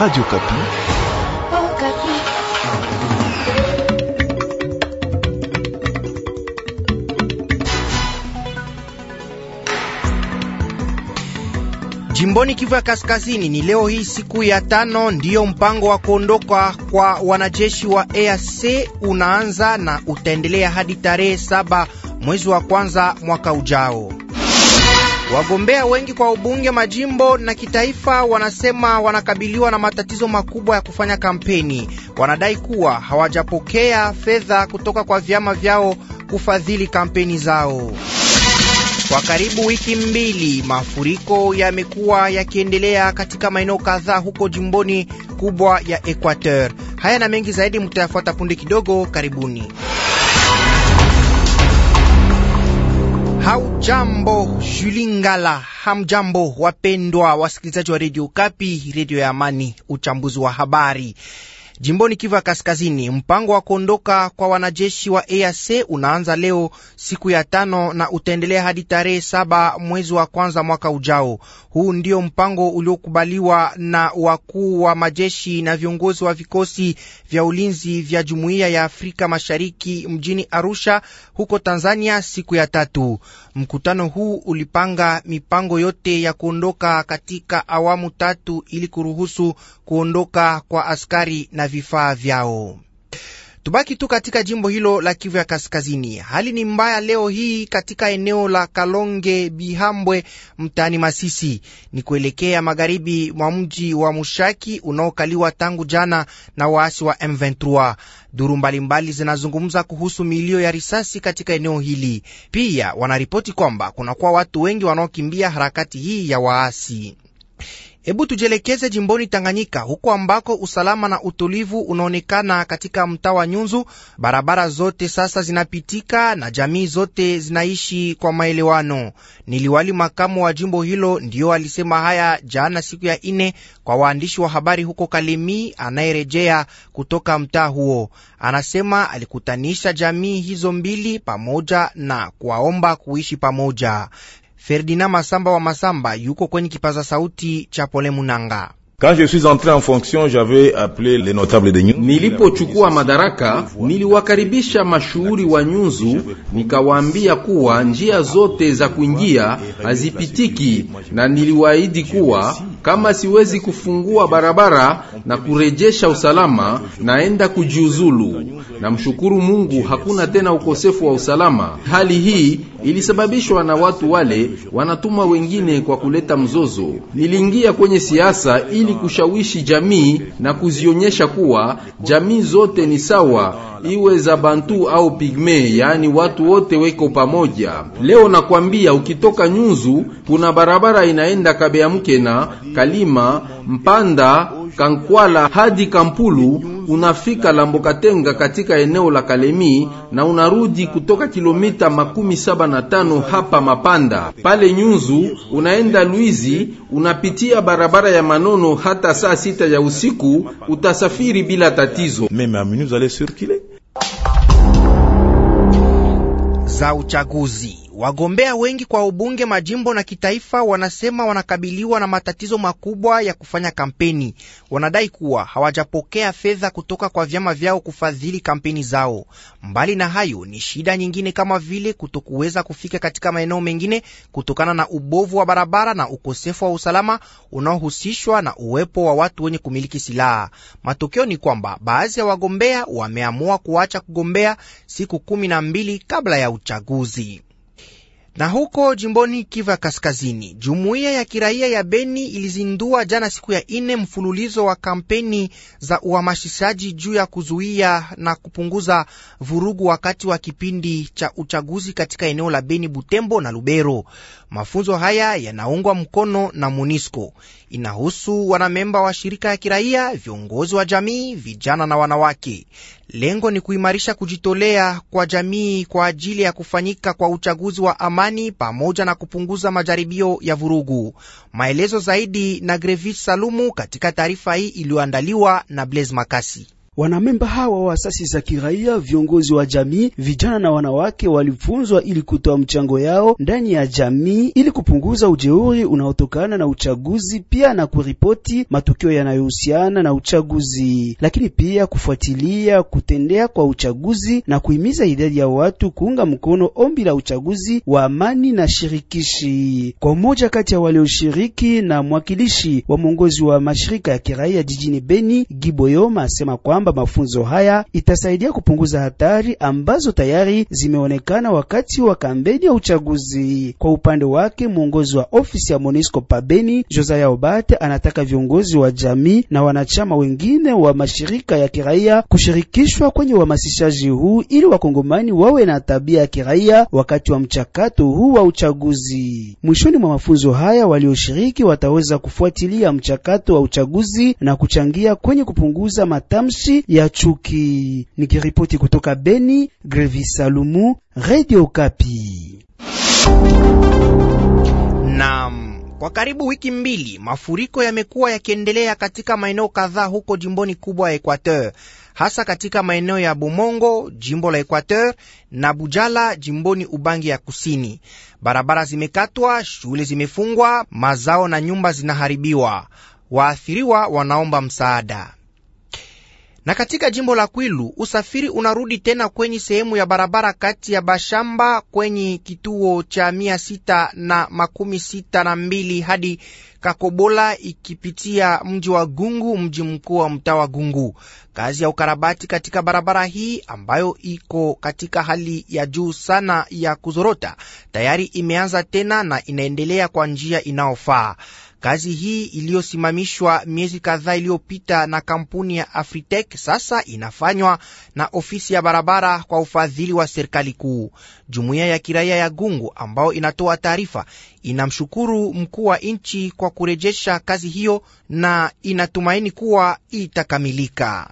Radio Okapi. Oh, Jimboni Kivu ya Kaskazini ni leo hii siku ya tano ndiyo mpango wa kuondoka kwa wanajeshi wa EAC unaanza na utaendelea hadi tarehe saba mwezi wa kwanza mwaka ujao. Wagombea wengi kwa ubunge majimbo na kitaifa wanasema wanakabiliwa na matatizo makubwa ya kufanya kampeni. Wanadai kuwa hawajapokea fedha kutoka kwa vyama vyao kufadhili kampeni zao. Kwa karibu wiki mbili, mafuriko yamekuwa yakiendelea katika maeneo kadhaa huko jimboni kubwa ya Equateur. Haya na mengi zaidi mtayafuata punde kidogo. Karibuni. Haujambo Julingala, hamjambo wapendwa wasikilizaji wa redio Kapi, redio ya amani. Uchambuzi wa habari Jimboni Kivu ya Kaskazini, mpango wa kuondoka kwa wanajeshi wa EAC unaanza leo siku ya tano na utaendelea hadi tarehe saba mwezi wa kwanza mwaka ujao. Huu ndio mpango uliokubaliwa na wakuu wa majeshi na viongozi wa vikosi vya ulinzi vya Jumuiya ya Afrika Mashariki mjini Arusha huko Tanzania siku ya tatu. Mkutano huu ulipanga mipango yote ya kuondoka katika awamu tatu ili kuruhusu kuondoka kwa askari na vifaa vyao. Tubaki tu katika jimbo hilo la Kivu ya Kaskazini. Hali ni mbaya leo hii katika eneo la Kalonge Bihambwe, mtaani Masisi, ni kuelekea magharibi mwa mji wa Mushaki unaokaliwa tangu jana na waasi wa M23. Duru mbalimbali zinazungumza kuhusu milio ya risasi katika eneo hili. Pia wanaripoti kwamba kunakuwa watu wengi wanaokimbia harakati hii ya waasi. Hebu tujielekeze jimboni Tanganyika, huko ambako usalama na utulivu unaonekana katika mtaa wa Nyunzu. Barabara zote sasa zinapitika na jamii zote zinaishi kwa maelewano. Niliwali makamu wa jimbo hilo ndiyo alisema haya jana, siku ya ine, kwa waandishi wa habari huko Kalemi, anayerejea kutoka mtaa huo. Anasema alikutanisha jamii hizo mbili pamoja na kuwaomba kuishi pamoja. Ferdinand Masamba wa Masamba yuko kwenye kipaza sauti cha Pole Munanga. Quand je suis entré en fonction, j'avais appelé les notables de Nyunzu. Nilipochukua madaraka, niliwakaribisha mashuhuri wa Nyunzu, nikawaambia kuwa njia zote za kuingia hazipitiki, na niliwaahidi kuwa kama siwezi kufungua barabara na kurejesha usalama, naenda kujiuzulu. Namshukuru Mungu, hakuna tena ukosefu wa usalama. Hali hii ilisababishwa na watu wale wanatuma wengine kwa kuleta mzozo. Niliingia kwenye siasa ili kushawishi jamii na kuzionyesha kuwa jamii zote ni sawa, iwe za Bantu au Pigme, yaani watu wote weko pamoja. Leo nakwambia, ukitoka Nyunzu kuna barabara inaenda Kabeamkena Kalima, Mpanda, Kankwala hadi Kampulu, unafika Lambokatenga katika eneo la Kalemi na unarudi kutoka kilomita makumi saba na tano hapa Mapanda. Pale Nyunzu unaenda Luizi, unapitia barabara ya Manono hata saa sita ya usiku utasafiri bila tatizo. Za uchaguzi Wagombea wengi kwa ubunge majimbo na kitaifa wanasema wanakabiliwa na matatizo makubwa ya kufanya kampeni. Wanadai kuwa hawajapokea fedha kutoka kwa vyama vyao kufadhili kampeni zao. Mbali na hayo, ni shida nyingine kama vile kutokuweza kufika katika maeneo mengine kutokana na ubovu wa barabara na ukosefu wa usalama unaohusishwa na uwepo wa watu wenye kumiliki silaha. Matokeo ni kwamba baadhi ya wagombea wameamua kuacha kugombea siku kumi na mbili kabla ya uchaguzi. Na huko jimboni Kiva Kaskazini, jumuiya ya kiraia ya Beni ilizindua jana siku ya ine mfululizo wa kampeni za uhamasishaji juu ya kuzuia na kupunguza vurugu wakati wa kipindi cha uchaguzi katika eneo la Beni, Butembo na Lubero. Mafunzo haya yanaungwa mkono na MONUSCO. Inahusu wanamemba wa shirika ya kiraia, viongozi wa jamii, vijana na wanawake. Lengo ni kuimarisha kujitolea kwa jamii kwa ajili ya kufanyika kwa uchaguzi wa amani pamoja na kupunguza majaribio ya vurugu. Maelezo zaidi na Grevich Salumu katika taarifa hii iliyoandaliwa na Blaise Makasi. Wanamemba hawa wa asasi za kiraia, viongozi wa jamii, vijana na wanawake walifunzwa ili kutoa mchango yao ndani ya jamii ili kupunguza ujeuri unaotokana na uchaguzi, pia na kuripoti matukio yanayohusiana na uchaguzi, lakini pia kufuatilia kutendea kwa uchaguzi na kuhimiza idadi ya watu kuunga mkono ombi la uchaguzi wa amani na shirikishi. Kwa mmoja kati ya walioshiriki na mwakilishi wa mwongozi wa mashirika ya kiraia jijini Beni, Giboyoma asema kwamba kwamba mafunzo haya itasaidia kupunguza hatari ambazo tayari zimeonekana wakati wa kampeni ya uchaguzi. Kwa upande wake, mwongozi wa ofisi ya monisco pabeni Josaya Obate anataka viongozi wa jamii na wanachama wengine wa mashirika ya kiraia kushirikishwa kwenye uhamasishaji huu ili wakongomani wawe na tabia ya kiraia wakati wa mchakato huu wa uchaguzi. Mwishoni mwa mafunzo haya, walioshiriki wataweza kufuatilia mchakato wa uchaguzi na kuchangia kwenye kupunguza matamshi matamshi ya chuki. Nikiripoti kutoka Beni, Grevi Salumu, Radio Kapi. Naam. Kwa karibu wiki mbili mafuriko yamekuwa yakiendelea katika maeneo kadhaa huko jimboni kubwa ya Equateur, hasa katika maeneo ya Bumongo, jimbo la Equateur, na Bujala, jimboni Ubangi ya Kusini. Barabara zimekatwa, shule zimefungwa, mazao na nyumba zinaharibiwa. Waathiriwa wanaomba msaada na katika jimbo la Kwilu usafiri unarudi tena kwenye sehemu ya barabara kati ya Bashamba kwenye kituo cha mia sita na makumi sita na mbili hadi Kakobola ikipitia mji wa Gungu, mji mkuu wa mtaa wa Gungu. Kazi ya ukarabati katika barabara hii ambayo iko katika hali ya juu sana ya kuzorota tayari imeanza tena na inaendelea kwa njia inayofaa. Kazi hii iliyosimamishwa miezi kadhaa iliyopita na kampuni ya Afritech sasa inafanywa na ofisi ya barabara kwa ufadhili wa serikali kuu. Jumuiya ya kiraia ya Gungu ambayo inatoa taarifa inamshukuru mkuu wa nchi kwa kurejesha kazi hiyo na inatumaini kuwa itakamilika.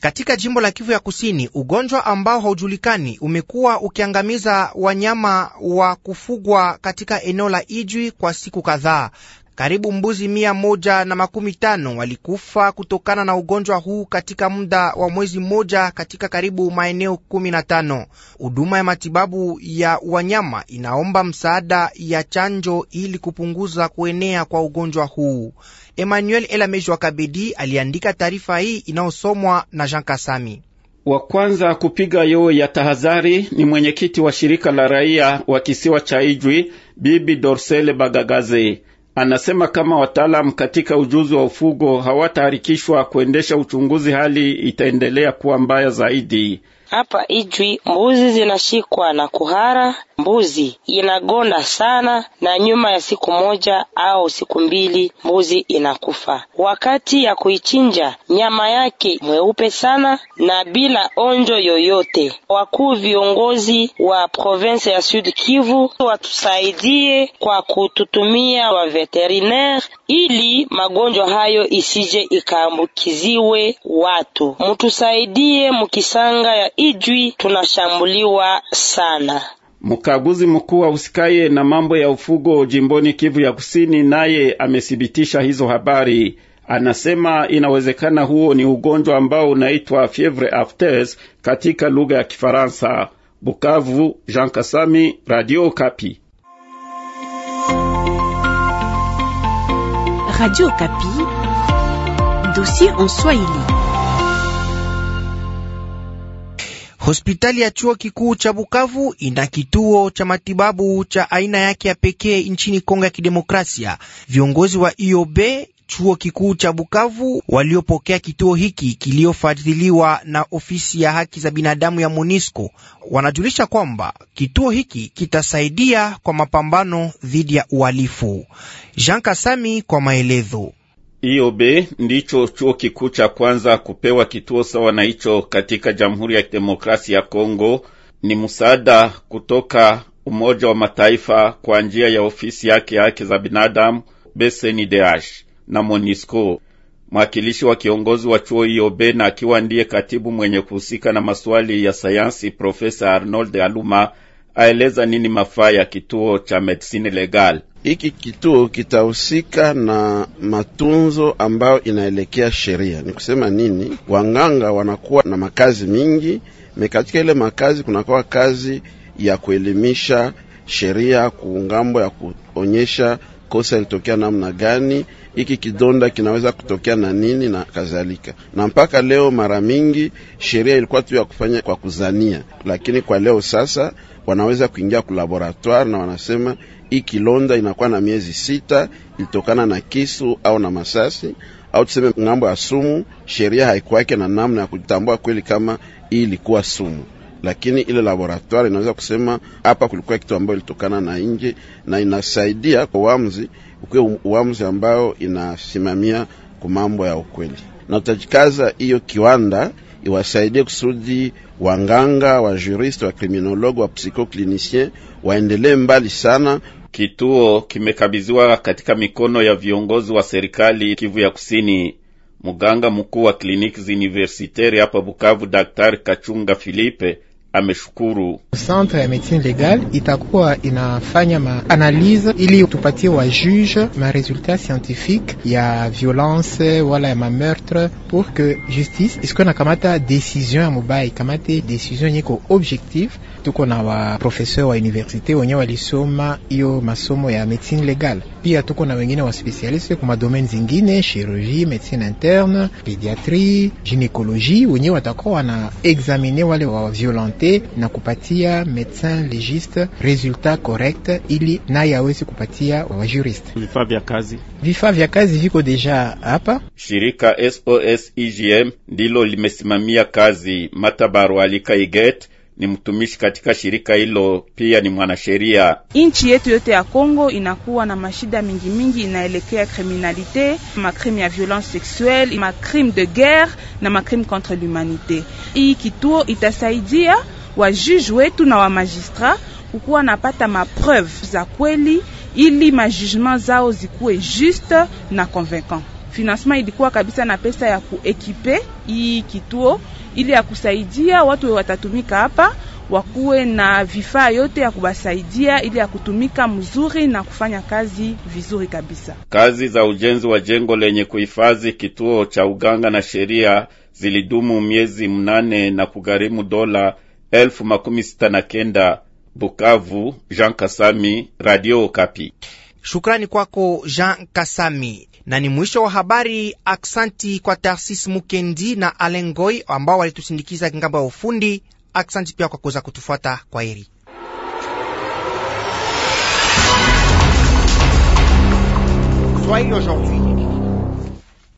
Katika jimbo la Kivu ya Kusini, ugonjwa ambao haujulikani umekuwa ukiangamiza wanyama wa kufugwa katika eneo la Ijwi kwa siku kadhaa karibu mbuzi mia moja na makumi tano walikufa kutokana na ugonjwa huu katika muda wa mwezi mmoja katika karibu maeneo kumi na tano. Huduma ya matibabu ya wanyama inaomba msaada ya chanjo ili kupunguza kuenea kwa ugonjwa huu. Emmanuel Elamejwa Kabedi aliandika taarifa hii inayosomwa na Jean Kasami. Wa kwanza kupiga yoo ya tahadhari ni mwenyekiti wa shirika la raia wa kisiwa cha Ijwi, Bibi Dorsele Bagagaze. Anasema kama wataalamu katika ujuzi wa ufugo hawataharikishwa kuendesha uchunguzi, hali itaendelea kuwa mbaya zaidi. Hapa Ijwi mbuzi zinashikwa na kuhara. Mbuzi inagonda sana, na nyuma ya siku moja au siku mbili mbuzi inakufa. Wakati ya kuichinja, nyama yake mweupe sana na bila onjo yoyote. Wakuu viongozi wa province ya Sud Kivu watusaidie kwa kututumia wa veterinaire, ili magonjwa hayo isije ikaambukiziwe watu. Mtusaidie mukisanga ya ijwi tunashambuliwa sana. Mkaguzi mkuu usikaye na mambo ya ufugo jimboni Kivu ya Kusini naye amethibitisha hizo habari. Anasema inawezekana huo ni ugonjwa ambao unaitwa fievre aftes katika lugha ya Kifaransa. Bukavu, Jean Kasami, Radio Kapi. Radio Kapi, dossier en Swahili. Hospitali ya chuo kikuu cha Bukavu ina kituo cha matibabu cha aina yake ya pekee nchini Kongo ya Kidemokrasia. Viongozi wa IOB chuo kikuu cha Bukavu waliopokea kituo hiki kiliyofadhiliwa na ofisi ya haki za binadamu ya MONUSCO wanajulisha kwamba kituo hiki kitasaidia kwa mapambano dhidi ya uhalifu. Jean Kasami kwa maelezo. IOB ndicho chuo kikuu cha kwanza kupewa kituo sawa na hicho katika Jamhuri ya Demokrasia ya Kongo. Ni msaada kutoka Umoja wa Mataifa kwa njia ya ofisi yake ya haki za binadamu BCNUDH na MONUSCO. Mwakilishi wa kiongozi wa chuo IOB na akiwa ndiye katibu mwenye kuhusika na masuali ya sayansi, Profesa Arnold Aluma aeleza nini mafaa ya kituo cha medicine legal. Hiki kituo kitahusika na matunzo ambayo inaelekea sheria. Ni kusema nini? Wanganga wanakuwa na makazi mingi me, katika ile makazi kunakuwa kazi ya kuelimisha sheria kuungambo ya kuonyesha kosa ilitokea namna gani, hiki kidonda kinaweza kutokea na nini na kadhalika. Na mpaka leo mara mingi sheria ilikuwa tu ya kufanya kwa kuzania, lakini kwa leo sasa wanaweza kuingia ku laboratoire na wanasema hii kilonda inakuwa na miezi sita, ilitokana na kisu au na masasi au tuseme ng'ambo ya sumu. Sheria haikuwake na namna ya kutambua kweli kama hii ilikuwa sumu lakini ile laboratoire inaweza kusema hapa kulikuwa kitu ambayo ilitokana na nje, na inasaidia kwa uamuzi ukuwe uamuzi ambao inasimamia kwa mambo ya ukweli, na tutajikaza hiyo kiwanda iwasaidie kusudi wanganga wa juriste wa kriminologe wa psikoklinisien waendelee mbali sana. Kituo kimekabidhiwa katika mikono ya viongozi wa serikali Kivu ya Kusini. Mganga mkuu wa kliniki zuniversiteri hapa Bukavu, Daktari Kachunga Filipe ameshukuru centre ya medecine legale itakuwa inafanya maanalize ili tupatie wa juge ma maresultat scientifique ya violence wala ya mameurtre pour que justice isiko nakamata decision ya mubaya ikamate decision yenye ko objectif tuko na waprofeseur wa universite wenye walisoma hiyo masomo ya medicine legale. Pia tuko na wengine wa spesialiste kwa madomaine zingine, chirurgie, medicine interne, pediatrie, ginekologie, wenye watakuwa wana examine wale wa violente na kupatia medecin legiste resultat correct, ili naye awezi kupatia wa juriste. Vifaa vya kazi, vifaa vya kazi viko deja hapa. Shirika SOS IGM ndilo limesimamia kazi Matabaru Alika Iget ni mtumishi katika shirika hilo, pia ni mwanasheria. Nchi yetu yote ya Kongo inakuwa na mashida mingi mingi, inaelekea kriminalite, makrime ya violence sexuelle, makrime de guerre na makrime contre l'humanité. Hii kituo itasaidia wajuji wetu na wamagistrat kukuwa napata mapreuve za kweli, ili majugement zao zikuwe juste na convaincant financement ilikuwa kabisa na pesa ya kuekipe hii kituo ili ya kusaidia watu watatumika hapa wakuwe na vifaa yote ya kubasaidia ili ya kutumika mzuri na kufanya kazi vizuri kabisa. Kazi za ujenzi wa jengo lenye kuhifadhi kituo cha uganga na sheria zilidumu miezi mnane na kugharimu dola elfu makumi sita na kenda. Bukavu, Jean Kasami, Radio Kapi. Shukrani kwako Jean Kasami, na ni mwisho wa habari. Aksanti kwa Tarsis Mukendi na Alengoi ambao walitusindikiza ngambo ya ufundi. Aksanti pia kwa kuweza kutufuata. Kwa heri. Aujourd'hui